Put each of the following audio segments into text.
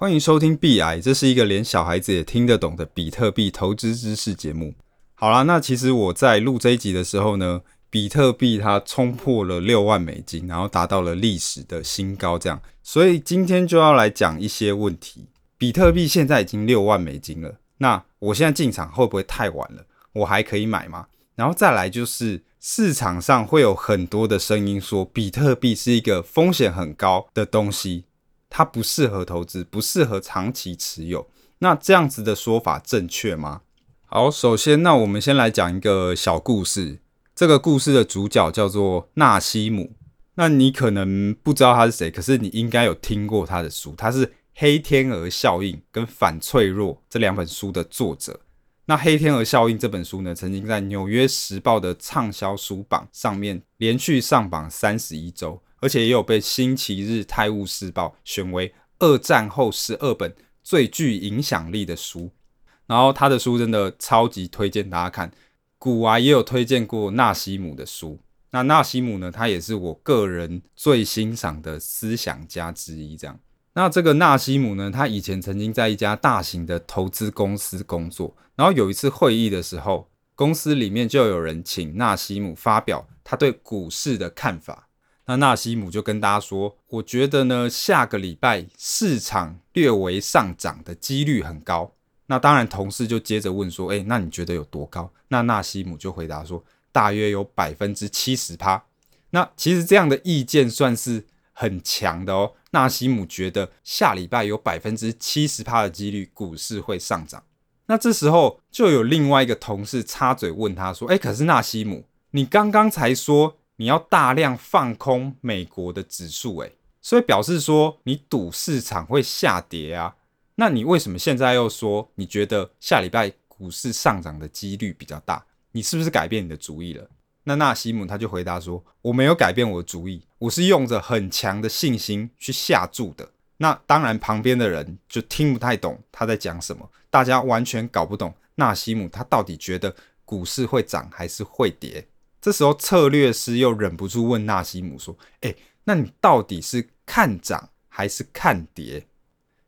歡迎收聽 B I。這是一個連小孩子也聽得懂的比特幣投資知識節目。好啦，那其實我在錄這一集的時候呢，比特幣它衝破了六萬美金，然後達到了歷史的新高，這樣。所以今天就要來講一些問題。比特幣現在已經六萬美金了，那我現在進場會不會太晚了？我還可以買嗎？然後再來就是市場上會有很多的聲音說，比特幣是一個風險很高的東西。它不適合投資，不適合長期持有。那這樣子的說法正確嗎？好，首先，那我們先來講一個小故事。這個故事的主角叫做納西姆。那你可能不知道他是誰，可是你應該有聽過他的書。他是《黑天鵝效應》跟《反脆弱》這兩本書的作者。那《黑天鵝效應》這本書呢，曾經在《紐約時報》的暢銷書榜上面連續上榜三十一周。而且也有被《星期日泰晤士報》選為二戰後十二本最具影響力的書。然後他的書真的超級推薦大家看。古娃也有推薦過納西姆的書。那納西姆呢，他也是我個人最欣賞的思想家之一。這樣，那這個納西姆呢，他以前曾經在一家大型的投資公司工作。然後有一次會議的時候，公司裡面就有人請納西姆發表他對股市的看法。那納西姆就跟大家說：“我覺得呢，下個禮拜市場略微上漲的幾率很高。”那當然，同事就接着問說：“哎、欸，那你覺得有多高？”那納西姆就回答說：“大約有百分之七十趴。”那其實這樣的意見算是很強的哦。納西姆覺得下禮拜有百分之七十趴的幾率股市會上漲。那這時候就有另外一個同事插嘴問他說：“哎、欸，可是納西姆，你剛剛才說。”你要大量放空美國的指數，欸，所以表示說你賭市場會下跌啊？那你為什麼現在又說你覺得下禮拜股市上漲的幾率比較大？你是不是改變你的主意了？那納西姆他就回答說：“我沒有改變我的主意，我是用着很強的信心去下注的。”那當然，旁邊的人就聽不太懂他在講什麼，大家完全搞不懂納西姆他到底覺得股市會漲還是會跌。這時候，策略師又忍不住問納西姆說：“哎，那你到底是看漲還是看跌？”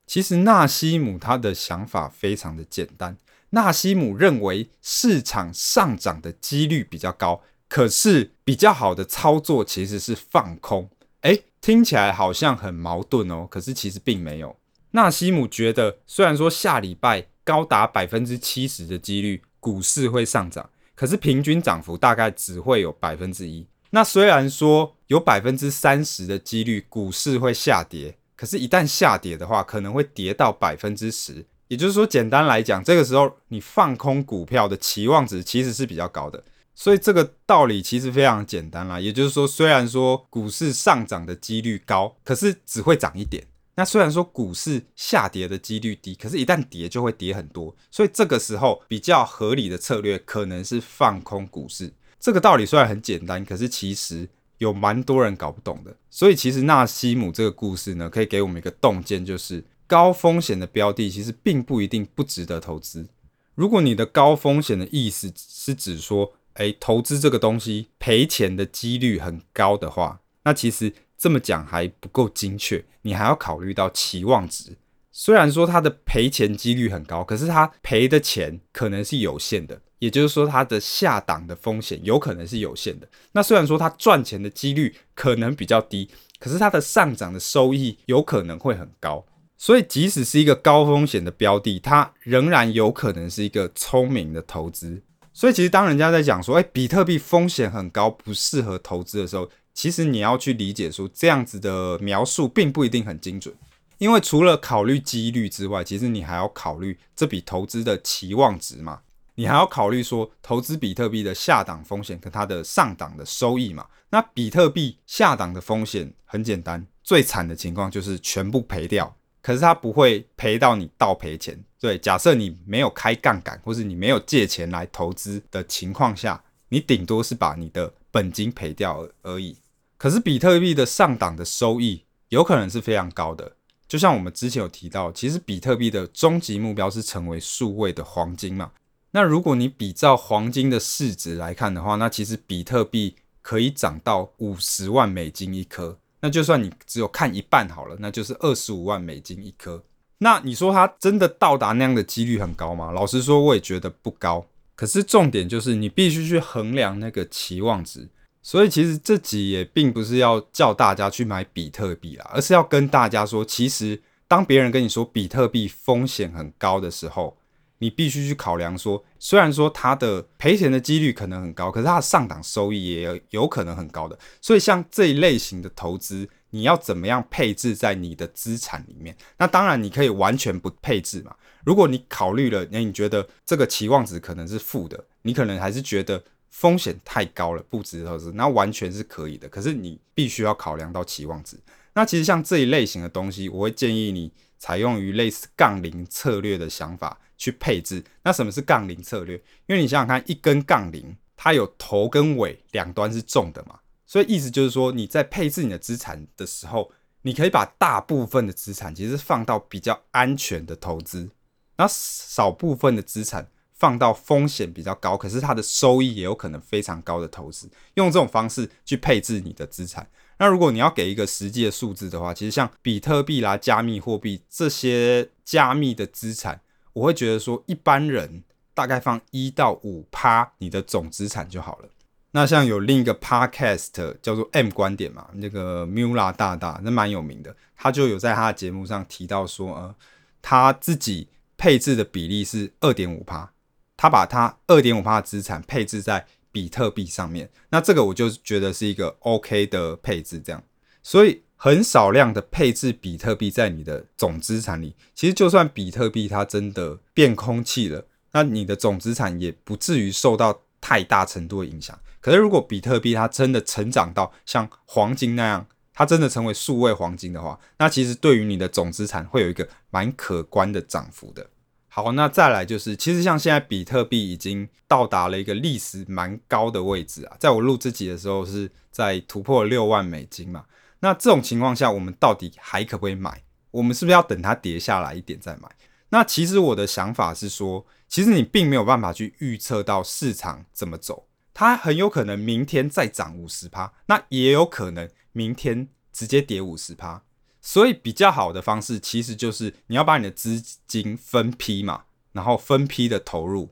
其實，納西姆他的想法非常的簡單。納西姆認為市場上漲的幾率比較高，可是比較好的操作其實是放空。哎，聽起來好像很矛盾哦，可是其實並沒有。納西姆覺得，雖然說下禮拜高達百分之七十的幾率，股市會上漲。可是平均漲幅大概只會有百分之一。那雖然說有百分之三十的幾率股市會下跌，可是，一旦下跌的話，可能會跌到百分之十。也就是說，簡單來講，這個時候你放空股票的期望值其實是比較高的。所以這個道理其實非常簡單啦。也就是說，雖然說股市上漲的幾率高，可是只會漲一點。那雖然說股市下跌的幾率低，可是，一旦跌就會跌很多，所以這個時候比較合理的策略可能是放空股市。這個道理雖然很簡單，可是其實有蠻多人搞不懂的。所以，其實納西姆這個故事呢，可以給我們一個洞見，就是高風險的標的其實並不一定不值得投資。如果你的高風險的意思是指說，哎、欸，投資這個東西賠錢的幾率很高的話，那其實。這麼講還不夠精確，你還要考慮到期望值。雖然說它的賠錢幾率很高，可是它賠的錢可能是有限的，也就是說它的下檔的風險有可能是有限的。那雖然說它賺錢的幾率可能比較低，可是它的上漲的收益有可能會很高。所以即使是一個高風險的標的，它仍然有可能是一個聰明的投資。所以其實當人家在講說，欸，比特幣風險很高，不適合投資的時候。其實你要去理解說這樣子的描述並不一定很精準，因為除了考慮幾率之外，其實你還要考慮這筆投資的期望值嘛，你還要考慮說投資比特幣的下檔風險跟它的上檔的收益嘛。那比特幣下檔的風險很簡單，最慘的情況就是全部賠掉，可是它不會賠到你倒賠錢。對，假設你沒有開槓桿，或是你沒有借錢來投資的情況下，你頂多是把你的本金賠掉而而已。可是比特幣的上檔的收益，有可能是非常高的，就像我們之前有提到，其實比特幣的終極目標是成為數位的黃金嘛。那如果你比照黃金的市值來看的話，那其實比特幣可以漲到五十萬美金一顆。那就算你只有看一半好了，那就是二十五萬美金一顆。那你說它真的到達那樣的幾率很高嗎？老實說，我也覺得不高。可是重點就是你必須去衡量那個期望值。所以其實這集也並不是要叫大家去買比特幣啦，而是要跟大家說，其實當別人跟你說比特幣風險很高的時候，你必須去考量說，雖然說它的賠錢的幾率可能很高，可是它的上檔收益也有可能很高的。所以像這一類型的投資，你要怎麼樣配置在你的資產裡面？那當然你可以完全不配置嘛。如果你考慮了，那你覺得這個期望值可能是負的，你可能還是覺得。風險太高了，不值得投資，那完全是可以的。可是你必須要考量到期望值。那其實像這一類型的東西，我會建議你採用於類似槓鈴策略的想法去配置。那什麼是槓鈴策略？因為你想想看，一根槓鈴它有頭跟尾兩端是重的嘛，所以意思就是說你在配置你的資產的時候，你可以把大部分的資產其實放到比較安全的投資，那少部分的資產。放到風險比較高，可是它的收益也有可能非常高的投資，用這種方式去配置你的資產。那如果你要給一個實際的數字的話，其實像比特幣啦、加密貨幣這些加密的資產，我會覺得說一般人大概放一到五趴你的總資產就好了。那像有另一個 Podcast 叫做 M 觀點嘛，那個 Mula 大大那蠻有名的，他就有在他的節目上提到說，呃，他自己配置的比例是二點五趴。他把他二點五趴的資產配置在比特幣上面，那這個我就覺得是一個 OK 的配置，這樣。所以，很少量的配置比特幣在你的總資產裡，其實就算比特幣它真的變空氣了，那你的總資產也不至於受到太大程度的影響。可是，如果比特幣它真的成長到像黃金那樣，它真的成為數位黃金的話，那其實對於你的總資產會有一個蠻可觀的漲幅的。好，那再來就是，其實像現在比特幣已經到達了一個歷史蠻高的位置啊，在我錄自己錄這集的時候是在突破六萬美金嘛。那這種情況下，我們到底還可不可以買？我們是不是要等它跌下來一點再買？那其實我的想法是說，其實你並沒有辦法去預測到市場怎麼走，它很有可能明天再漲五十趴，那也有可能明天直接跌五十趴。所以比較好的方式其實就是你要把你的資金分批嘛，然後分批的投入。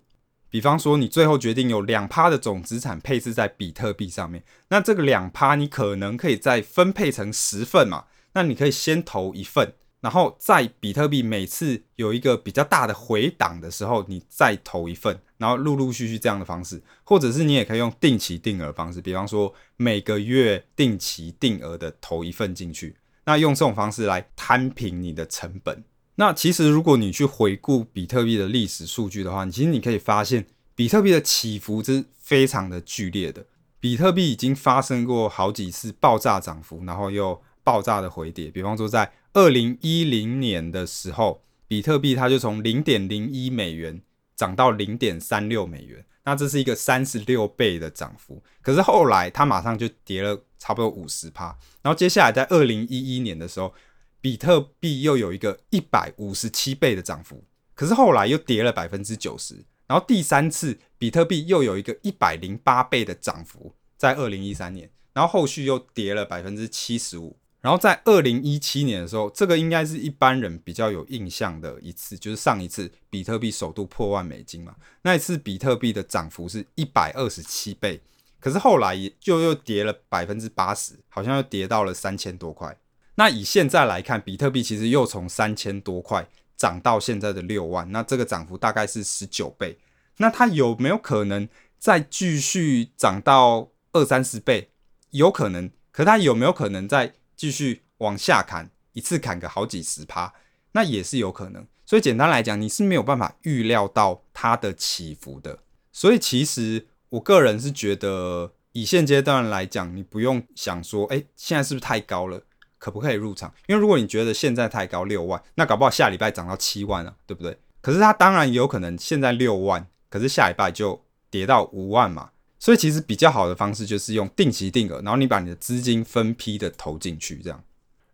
比方說，你最後決定有兩趴的總資產配置在比特幣上面，那這個兩趴你可能可以再分配成十份嘛。那你可以先投一份，然後在比特幣每次有一個比較大的回檔的時候，你再投一份，然後陸陸續續這樣的方式，或者是你也可以用定期定額的方式，比方說每個月定期定額的投一份進去。那用這種方式來攤平你的成本。那其實，如果你去回顧比特幣的歷史數據的話，你其實你可以發現，比特幣的起伏是非常的劇烈的。比特幣已經發生過好幾次爆炸漲幅，然後又爆炸的回跌。比方說，在二零一零年的時候，比特幣它就從零點零一美元漲到零點三六美元，那這是一個三十六倍的漲幅。可是後來，它馬上就跌了。差不多五十趴，然後接下來在二零一一年的時候，比特幣又有一個一百五十七倍的漲幅，可是後來又跌了百分之九十，然後第三次比特幣又有一個一百零八倍的漲幅，在二零一三年，然後後續又跌了百分之七十五，然後在二零一七年的時候，這個應該是一般人比較有印象的一次，就是上一次比特幣首度破萬美金嘛，那一次比特幣的漲幅是一百二十七倍。可是後來也就又跌了百分之八十，好像又跌到了三千多塊。那以現在來看，比特幣其實又從三千多塊漲到現在的六萬，那這個漲幅大概是十九倍。那它有沒有可能再繼續漲到二三十倍？有可能。可它有沒有可能再繼續往下砍，一次砍個好幾十趴？那也是有可能。所以簡單來講，你是沒有辦法預料到它的起伏的。所以其實。我個人是覺得，以現階段來講，你不用想說，誒、欸，現在是不是太高了，可不可以入場？因為如果你覺得現在太高，六萬，那搞不好下禮拜漲到七萬了，對不對？可是它當然也有可能現在六萬，可是下禮拜就跌到五萬嘛。所以其實比較好的方式就是用定期定額，然後你把你的資金分批的投進去，這樣。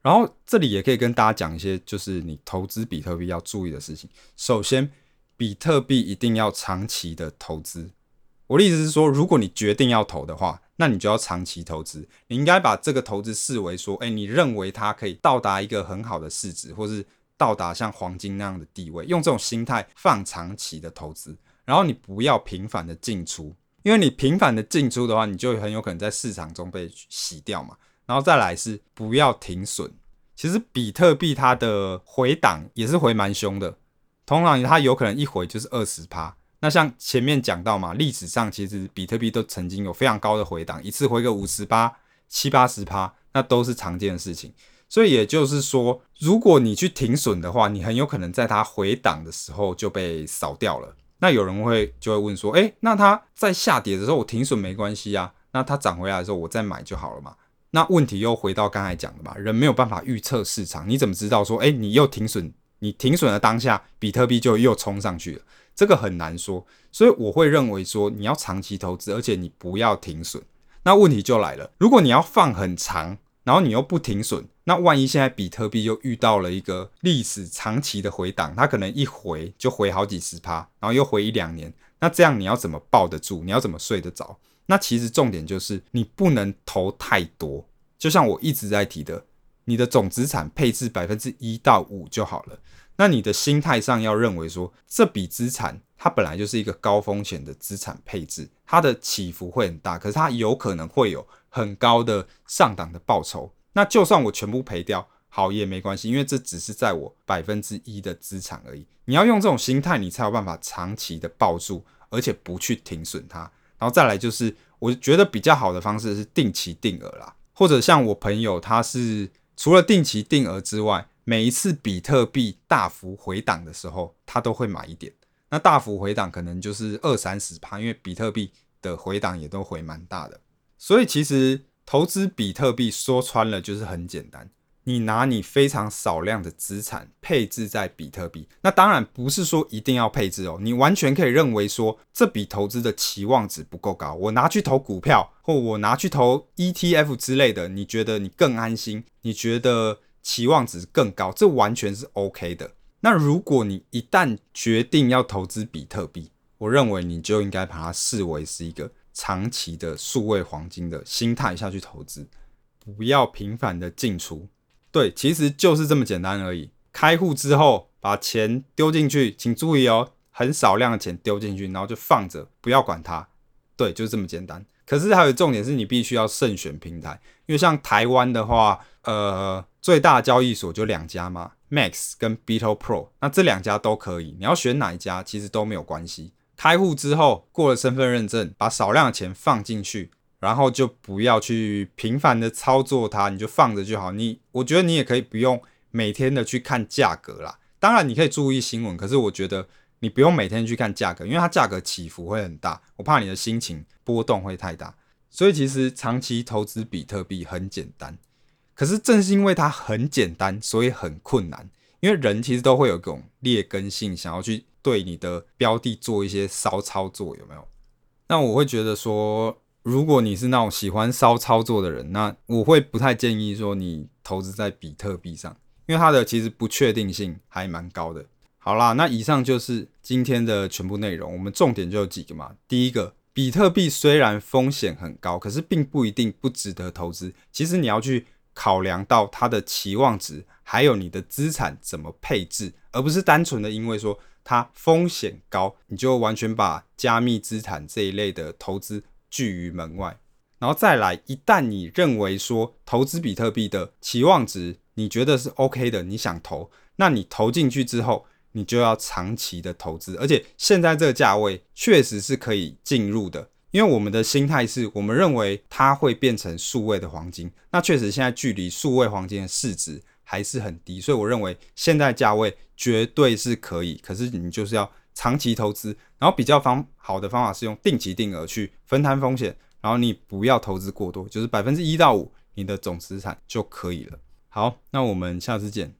然後這裡也可以跟大家講一些，就是你投資比特幣要注意的事情。首先，比特幣一定要長期的投資。我的意思是說，如果你決定要投的話，那你就要長期投資。你應該把這個投資視為說，哎、欸，你認為它可以到達一個很好的市值，或是到達像黃金那樣的地位，用這種心態放長期的投資。然後你不要頻繁的進出，因為你頻繁的進出的話，你就很有可能在市場中被洗掉嘛。然後再來是不要停損。其實比特幣它的回檔也是回蠻兇的，通常它有可能一回就是二十趴。那像前面講到嘛，歷史上其實比特幣都曾經有非常高的回檔，一次回個五十八、七八十趴，那都是常見的事情。所以也就是說，如果你去停損的話，你很有可能在它回檔的時候就被掃掉了。那有人會就會問說，誒、欸，那它在下跌的時候我停損沒關係啊？那它漲回來的時候我再買就好了嘛？那問題又回到剛才講的嘛，人沒有辦法預測市場，你怎麼知道說，誒、欸，你又停損，你停損的當下，比特幣就又衝上去了。這個很難說，所以我會認為說，你要長期投資，而且你不要停損。那問題就來了，如果你要放很長，然後你又不停損，那萬一現在比特幣又遇到了一個歷史長期的回檔，它可能一回就回好幾十趴，然後又回一兩年，那這樣你要怎麼抱得住？你要怎麼睡得着？那其實重點就是你不能投太多，就像我一直在提的，你的總資產配置百分之一到五就好了。那你的心態上要認為說，這筆資產它本來就是一個高風險的資產配置，它的起伏會很大，可是它有可能會有很高的上檔的報酬。那就算我全部賠掉，好也沒關係，因為這只是在我百分之一的資產而已。你要用這種心態，你才有辦法長期的抱住，而且不去停損它。然後再來就是，我覺得比較好的方式是定期定額啦，或者像我朋友，他是除了定期定額之外。每一次比特幣大幅回檔的時候，他都會買一點。那大幅回檔可能就是二三十趴，因為比特幣的回檔也都回蠻大的。所以其實投資比特幣說穿了就是很簡單，你拿你非常少量的資產配置在比特幣。那當然不是說一定要配置哦，你完全可以認為說這筆投資的期望值不夠高，我拿去投股票，或我拿去投 ETF 之類的。你覺得你更安心，你覺得……期望值更高，這完全是 OK 的。那如果你一旦決定要投資比特幣，我認為你就應該把它視為是一個長期的數位黃金的心態下去投資，不要頻繁的進出。對，其實就是這麼簡單而已。開戶之後把錢丟進去，請注意哦，很少量的錢丟進去，然後就放着，不要管它。對，就是這麼簡單。可是還有重點是你必須要慎選平台，因為像台灣的話，呃。最大的交易所就兩家嘛，Max 跟 BitoPro，那這兩家都可以。你要選哪一家，其實都沒有關係。開戶之後過了身份認證，把少量的錢放進去，然後就不要去頻繁的操作它，你就放着就好。你我覺得你也可以不用每天的去看價格啦。當然你可以注意新聞，可是我覺得你不用每天去看價格，因為它價格起伏會很大，我怕你的心情波動會太大。所以其實長期投資比特幣很簡單。可是正是因為它很簡單，所以很困難。因為人其實都會有一種劣根性，想要去對你的標的做一些騷操作，有沒有？那我會覺得說，如果你是那種喜歡騷操作的人，那我會不太建議說你投資在比特幣上，因為它的其實不確定性還蠻高的。好啦，那以上就是今天的全部內容。我們重點就有幾個嘛。第一個，比特幣雖然風險很高，可是並不一定不值得投資。其實你要去。考量到它的期望值，還有你的資產怎麼配置，而不是單純的因為說它風險高，你就完全把加密資產這一類的投資拒於門外。然後再來，一旦你認為說投資比特幣的期望值，你覺得是 OK 的，你想投，那你投進去之後，你就要長期的投資，而且現在這個價位確實是可以進入的。因為我們的心態是，我們認為它會變成數位的黃金。那確實，現在距離數位黃金的市值還是很低，所以我認為現在價位絕對是可以。可是你就是要長期投資，然後比較方好的方法是用定期定額去分攤風險，然後你不要投資過多，就是百分之一到五你的總資產就可以了。好，那我們下次見。